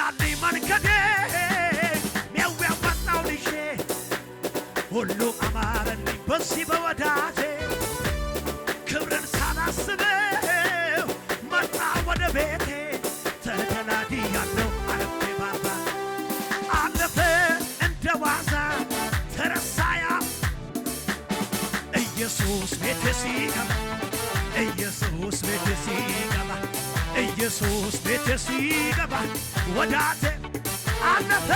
ቀናልኝ መንገዴ ሚያዋጣው ልሼ ሁሉ አማረልኝ በዚህ በወዳቴ ክብርን ሳላስበው መጣ ወደ ቤቴ ተደላድ ያለው አለፌ ባባ አለፈ እንደ ዋዛ ተረሳያ ኢየሱስ ቤቴ ሲገባ ኢየሱስ ቤቴ ሲገባ ኢየሱስ ቤቴ ሲገባ ወዳቴ አለፈ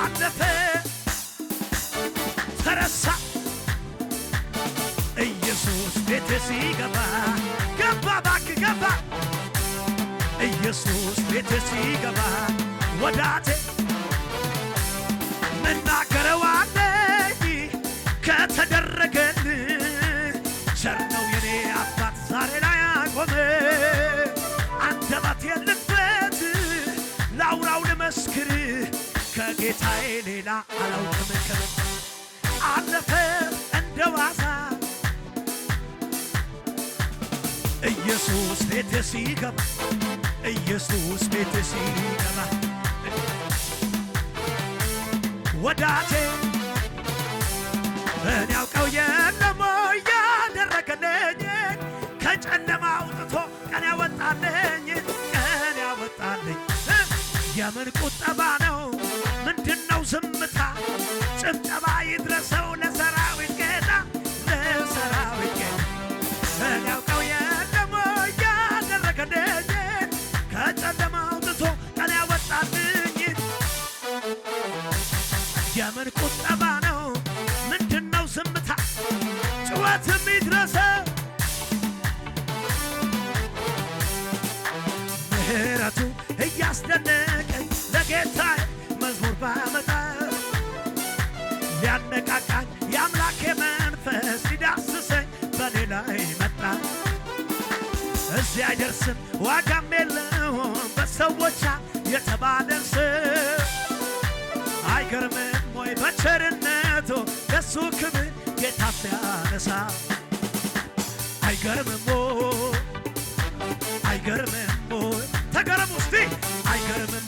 አለፈ ተረሳ ኢየሱስ ቤቴ ሲገባ ገባ ባክ ገባ ኢየሱስ ቤቴ ሲገባ ወዳቴ መናገረዋለይ ከተደ ጌታዬ ሌላ አላውቅም አለፈ እንደ ዋዛ ኢየሱስ ቤት ሲገባ ኢየሱስ ቤት ሲገባ ወዳቴ እኔ ያውቀው የለሞ ያደረገለኝ ከጨለማ አውጥቶ ቀን ያወጣለኝ ቀን ያወጣለኝ የምን ቁጠባ ነው ዝምታ ጭብጨባ ይድረሰው ለሰራዊት ጌታ ለሰራዊት ጌታ ያውቀው የደሞ እያደረገልኝ ከጨለማ አውጥቶ ቀን ያወጣልኝ የምን ቁጠባ ነው? ምንድነው ዝምታ ጭወትም ይድረሰው ያነቃቃኝ የአምላክ መንፈስ ሲዳስሰኝ በኔ ላይ መጣ። እዚህ አይደርስም ዋጋም የለውም በሰዎች የተባለን ስም አይገርምም ወይ በቸርነቱ ለሱ ክብር ጌታ ሲያነሳ አይገርምም ወይ አይገርምም ወይ ተገረሙ እስቲ አይገርምም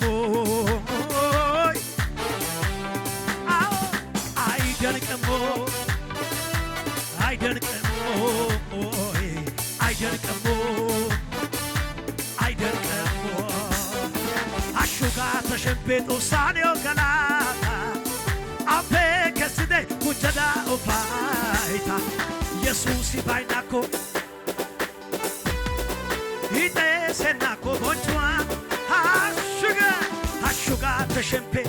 Petusani oganata Ape keside kujada opaita Yesusi ko, Ite senako bonchwa Hashuga Hashuga teshempe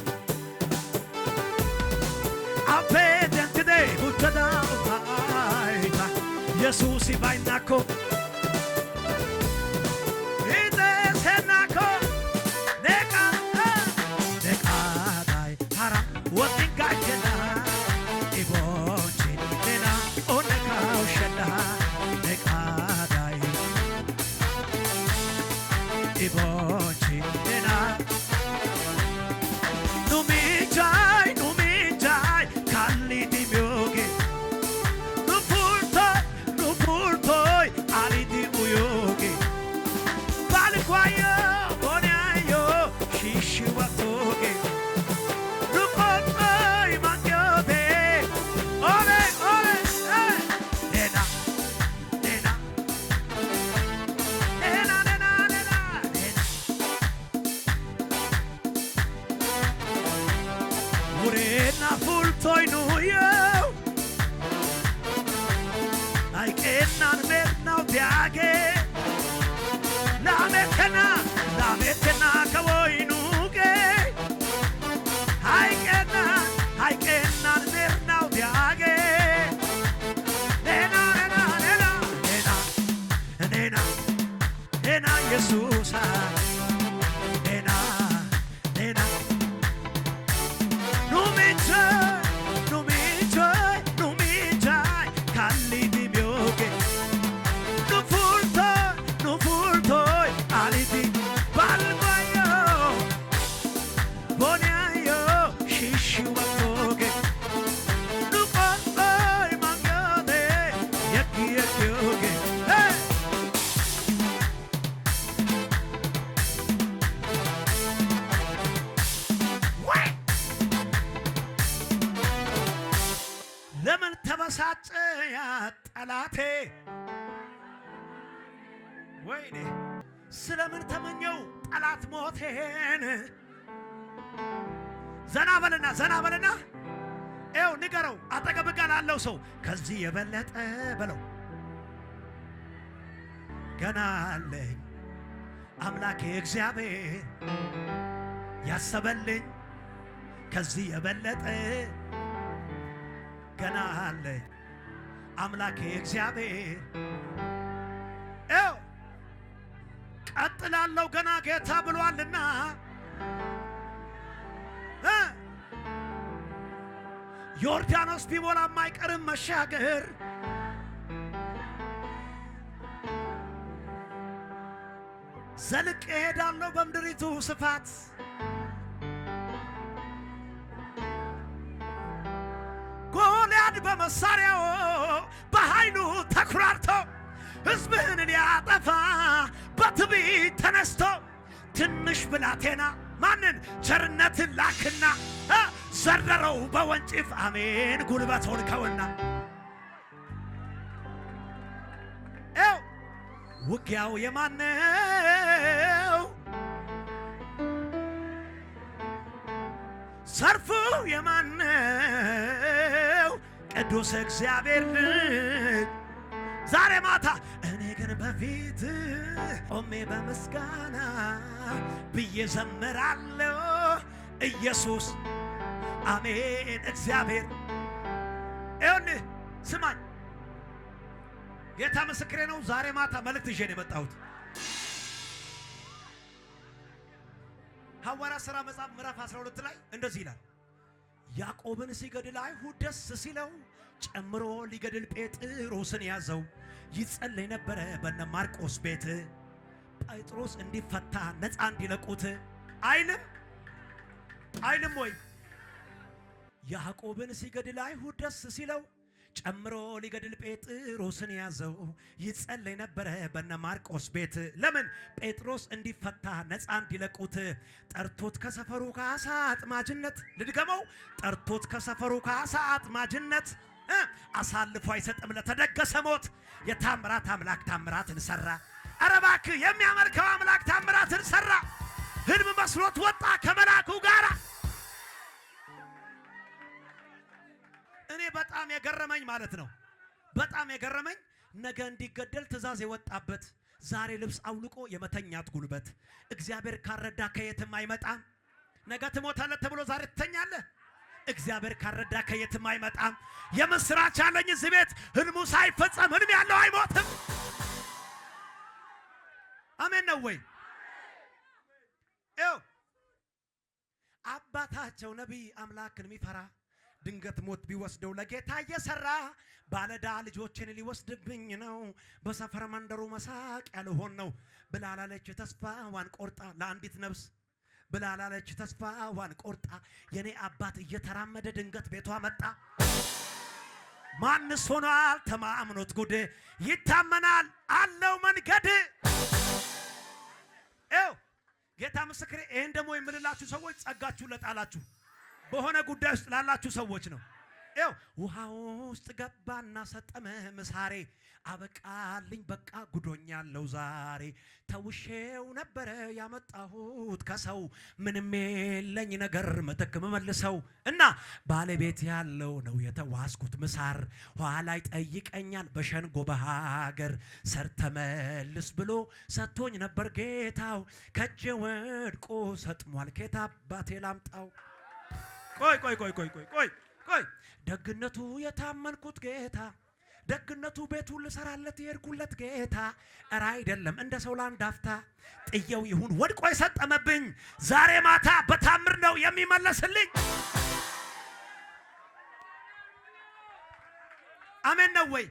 Ape dentide kujada opaita Yesusi bainako Yesusi ko. Jesús. ለምን ተበሳጨ ያ ጠላቴ? ወይኔ ስለምን ተመኘው ጠላት ሞቴን? ዘና በልና ዘና በልና ኤው ንገረው፣ አጠገብ ጋር ላለው ሰው ከዚህ የበለጠ በለው። ገና አለኝ አምላኬ እግዚአብሔር ያሰበልኝ ከዚህ የበለጠ ገና አለ አምላኬ እግዚአብሔር ው ቀጥላለው ገና ጌታ ብሏልና ዮርዳኖስ ቢሞላም አይቀርም መሻገር ዘልቅ እሄዳለሁ በምድሪቱ ስፋት መሳሪያው በኃይሉ ተኩራርቶ ሕዝብህን ሊያጠፋ በትዕቢት ተነስቶ ትንሽ ብላቴና ማንን ቸርነትን ላክና ዘረረው በወንጭፍ አሜን ጉልበት ሆንከውና ው ውጊያው የማነው? ሰልፉ የማነው? ቅዱስ እግዚአብሔር ልጅ ዛሬ ማታ እኔ ግን በፊት ቆሜ በምስጋና ብዬ ዘምራለሁ። ኢየሱስ አሜን። እግዚአብሔር ይሁን። ስማኝ፣ ጌታ ምስክሬ ነው። ዛሬ ማታ መልእክት ይዤ ነው የመጣሁት። ሐዋርያት ሥራ መጽሐፍ ምዕራፍ 12 ላይ እንደዚህ ይላል ያዕቆብን ሲገድል አይሁድ ደስ ሲለው ጨምሮ ሊገድል ጴጥሮስን ያዘው። ይጸለይ ነበረ በነ ማርቆስ ቤት ጴጥሮስ እንዲፈታ ነፃ እንዲለቁት አይልም አይልም ወይ? ያዕቆብን ሲገድል አይሁድ ደስ ሲለው ጨምሮ ሊገድል ጴጥሮስን ያዘው። ይጸለይ ነበረ በነ ማርቆስ ቤት። ለምን ጴጥሮስ እንዲፈታ ነፃ እንዲለቁት ጠርቶት ከሰፈሩ ከአሳ አጥማጅነት ልድገመው፣ ጠርቶት ከሰፈሩ ከአሳ አጥማጅነት አሳልፎ አይሰጥም ለተደገሰ ሞት። የታምራት አምላክ ታምራትን ሰራ። ኧረ እባክህ የሚያመልከው አምላክ ታምራትን ሰራ። ህልም መስሎት ወጣ ከመላኩ ጋራ በጣም የገረመኝ ማለት ነው። በጣም የገረመኝ ነገ እንዲገደል ትእዛዝ የወጣበት ዛሬ ልብስ አውልቆ የመተኛት ጉልበት። እግዚአብሔር ካረዳ ከየትም አይመጣም። ነገ ትሞታለህ ተብሎ ዛሬ ትተኛለህ። እግዚአብሔር ካረዳ ከየትም አይመጣም። የምስራች አለኝ እዚህ ቤት ህልሙ ሳይፈጸም ህልም ያለው አይሞትም። አሜን ነው ወይ? አባታቸው ነቢይ አምላክን የሚፈራ ድንገት ሞት ቢወስደው ለጌታ እየሰራ ባለዳ ልጆችን ሊወስድብኝ ነው፣ በሰፈር መንደሩ መሳቅ ያልሆን ነው ብላላለች ተስፋዋን ቆርጣ ለአንዲት ነብስ ብላላለች ተስፋዋን ቆርጣ። የኔ አባት እየተራመደ ድንገት ቤቷ መጣ። ማንስ ሆኗል ተማምኖት ጉድ ይታመናል አለው መንገድ ው ጌታ ምስክሬ። ይህን ደግሞ የምልላችሁ ሰዎች ጸጋችሁ ለጣላችሁ በሆነ ጉዳይ ውስጥ ላላችሁ ሰዎች ነው። ይኸው ውሃ ውስጥ ገባና ሰጠመ ምሳሬ አበቃልኝ በቃ ጉዶኛለው ዛሬ ተውሼው ነበረ ያመጣሁት ከሰው ምንም የለኝ ነገር ምትክም መልሰው እና ባለቤት ያለው ነው የተዋስኩት ምሳር ኋላይ ጠይቀኛል በሸንጎ በሀገር ሰርተመልስ ብሎ ሰጥቶኝ ነበር ጌታው ከጄ ወድቆ ሰጥሟል ኬታ አባቴ ላምጣው ቆይ ቆይ ቆይ ቆይ ቆይ ቆይ ቆይ ደግነቱ የታመንኩት ጌታ ደግነቱ ቤቱን ልሰራለት የሄድኩለት ጌታ እረ አይደለም እንደ ሰው ለአንድ አፍታ ጥየው ይሁን ወድቆ የሰጠመብኝ ዛሬ ማታ በታምር ነው የሚመለስልኝ። አሜን ነው ወይ?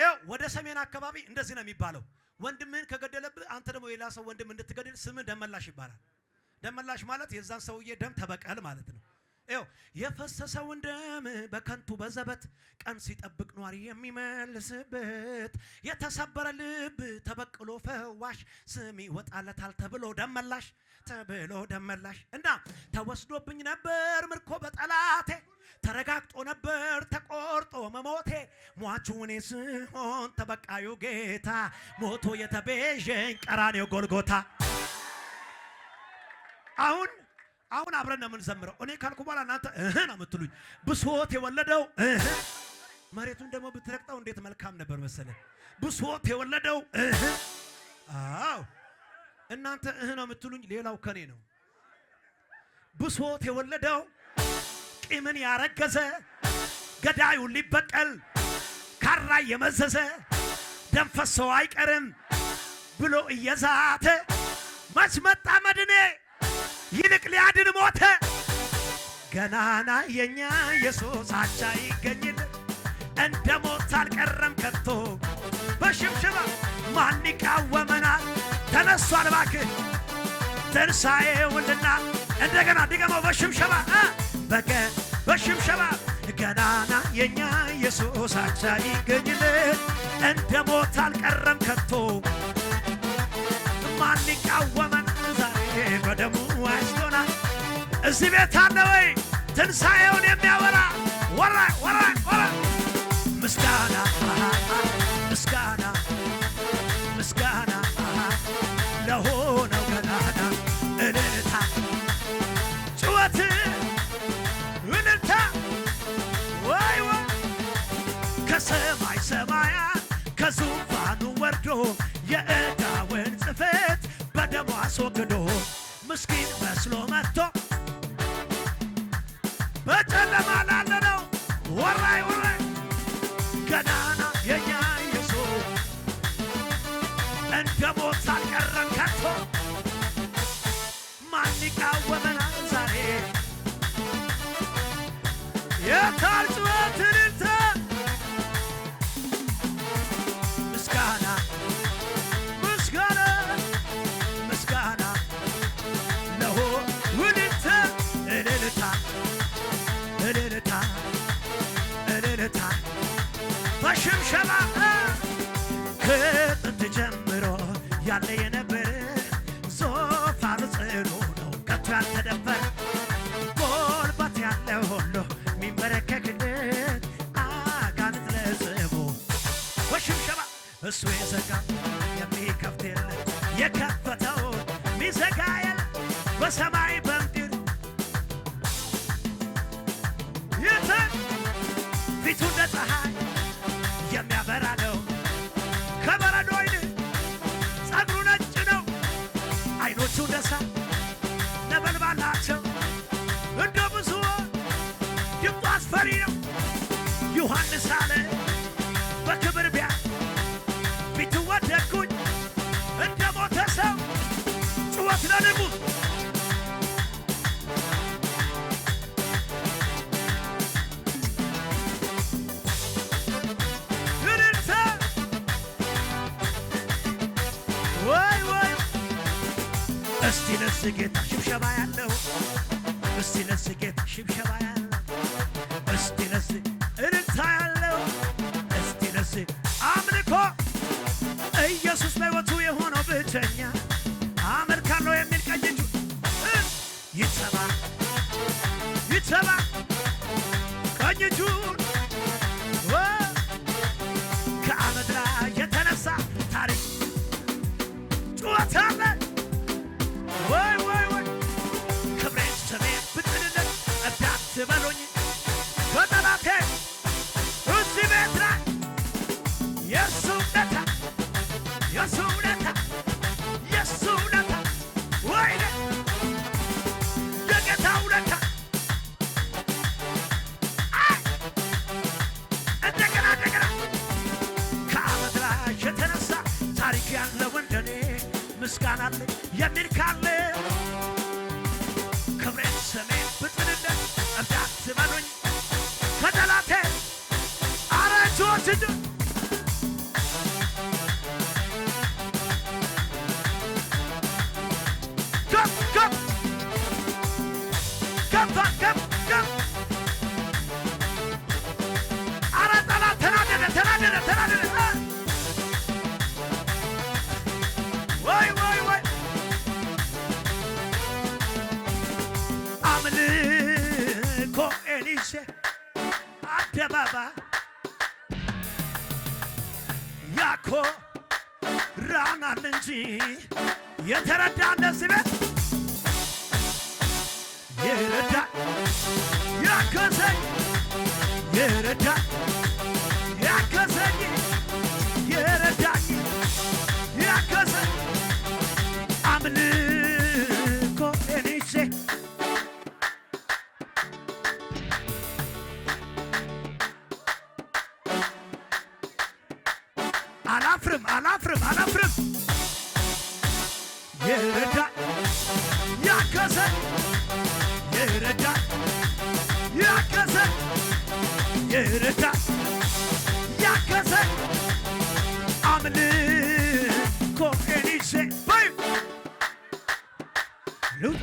ይኸው ወደ ሰሜን አካባቢ እንደዚህ ነው የሚባለው። ወንድምህን ከገደለብህ አንተ ደግሞ የሌላ ሰው ወንድም እንድትገድል ስምህ ደመላሽ ይባላል። ደመላሽ ማለት የዛን ሰውዬ ደም ተበቀል ማለት ነው። ው የፈሰሰውን ደም በከንቱ በዘበት ቀን ሲጠብቅ ኗሪ የሚመልስበት የተሰበረ ልብ ተበቅሎ ፈዋሽ ስም ይወጣለታል ተብሎ ደመላሽ ተብሎ ደመላሽ እና ተወስዶብኝ ነበር ምርኮ በጠላቴ ተረጋግጦ ነበር ተቆርጦ መሞቴ ሟቹ እኔ ስሆን ተበቃዩ ጌታ ሞቶ የተቤዠኝ ቀራኔው ጎልጎታ አሁን አሁን አብረን ነው የምንዘምረው። እኔ ካልኩ በኋላ እናንተ እህ ነው የምትሉኝ። ብሶት የወለደው እህ መሬቱን ደግሞ ብትረቅጠው እንዴት መልካም ነበር መሰለ። ብሶት የወለደው እህ አዎ፣ እናንተ እህ ነው የምትሉኝ። ሌላው ከኔ ነው። ብሶት የወለደው ቂምን ያረገዘ ገዳዩን ሊበቀል ካራ የመዘዘ ደንፈሰው አይቀርም ብሎ እየዛተ መች መጣ መድኔ ይልቅ ሊያድን ሞተ። ገናና የኛ ኢየሱስ አቻ ይገኝል እንደ ሞት አልቀረም ከቶ በሽብሽባ ማን ይቃወመናል? ተነሷል እባክህ እንደገና ድገመው በሽብሸባ በገ በሽብሸባ ገናና የኛ ኢየሱስ አቻ ይገኝል እንደ ሞት አልቀረም ከቶ ማን ይቃወመናል? በደሙ ዋጅቶናል። እዚህ ቤት አለ ወይ ትንሣኤውን የሚያወራ ወራ ወራ ወራ ምስጋና ምስጋና የቃል ምስጋና ምስጋና ከጥንት ጀምሮ ያለ እሱ የዘጋ የሚከፍት የለ የከፈተው ሚዘጋ የለ በሰማይ በምድር ይትን ፊቱ እንደ ፀሐይ የሚያበራ ነው ከበረዶ ይልቅ ጸጉሩ ነጭ ነው። አይኖቹ ደሳ ነበልባል ናቸው። እንደ ብዙ ድምፁ አስፈሪ ነው። ዮሐንስ አለ እስቲ ለስጌታ ሽብሸባ ያለው እስቲ ለስጌታ ሽብሸባ ያለው Listen to የተረዳ አለ ስሜ የረዳ ያከሰኝ የረዳ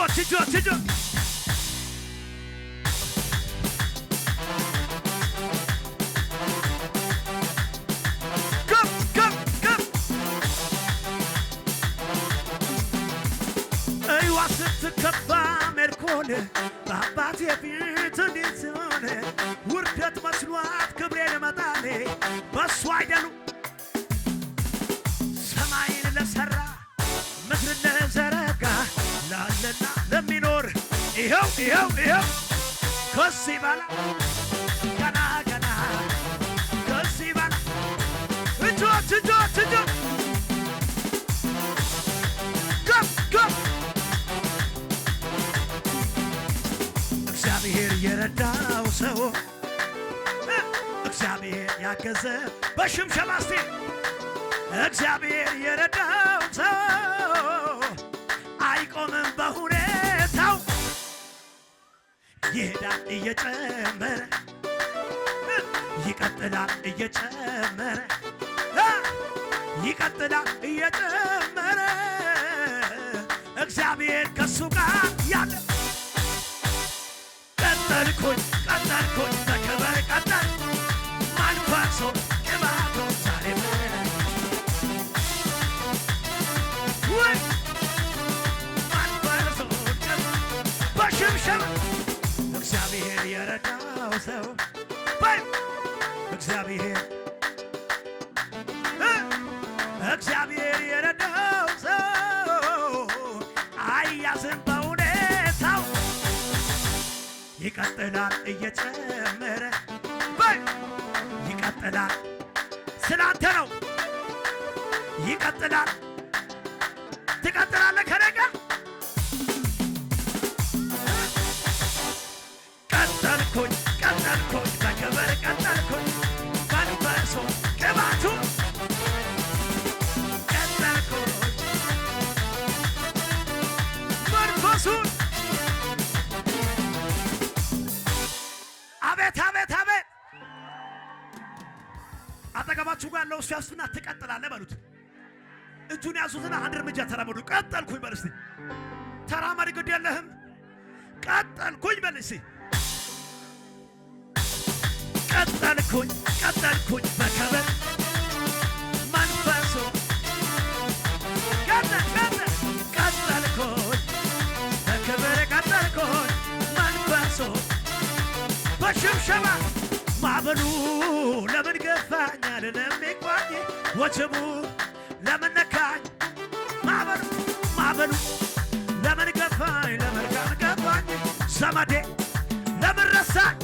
Dört, dört, dört. ስትከባ ሜርኮን በአባቴ ፊት እንዴት ሆነ ውርደት መስሏት ክብሬን መጣሌ በሱ አይደሉ ሰማይን ለሠራ ምድርን ይኸው ይኸው ከዚህ በላ ገና ገና ከዚህ በላ እጆች እጆች እጆች ከፍ ከፍ እግዚአብሔር የረዳው ሰው እግዚአብሔር ያገዘ በሽምሸባ እስቲ እግዚአብሔር የረዳው ሰው አይቆምም በሁኔ ይሄዳል እየጨመረ ይቀጥላል እየጨመረ ይቀጥላል እየጨመረ እግዚአብሔር ከሱ ጋር ያለ ቀጠልኩኝ ቀጠልኩኝ የሚወደው ሰው እግዚአብሔር እግዚአብሔር የረዳው ሰው አያዝን በሁኔታው ይቀጥላል እየጨመረ ይቀጥላል ስላንተ ነው ይቀጥላል ትቀጥላለህ ቀጠርኩኝ በክብር ቀጠርኩኝ አቤት አቤት አቤት አጠገባችሁ እሱ ያሱና ትቀጥላለህ በሉት። እጁን ያዙትና አንድ እርምጃ ተራመዱ። ቀጠልኩኝ በል እስቲ ተራመድ፣ ግድ የለህም ቀጠልኩኝ በል እስቲ ቀጠልኩኝ ቀጠልኩኝ በከበል መንፈሱ ቀጠልኩኝ በክብር ቀጠልኩኝ መንፈሱ በሽብሸባ ማዕበሉ ለምን ገፋኝ አልልም ይግባኝ ወጀቡ ለምን ነካኝ ማዕበሉ ማዕበሉ ለምን ገፋኝ ለመልካም ገፋኝ ዘመዴ ለምን ረሳኝ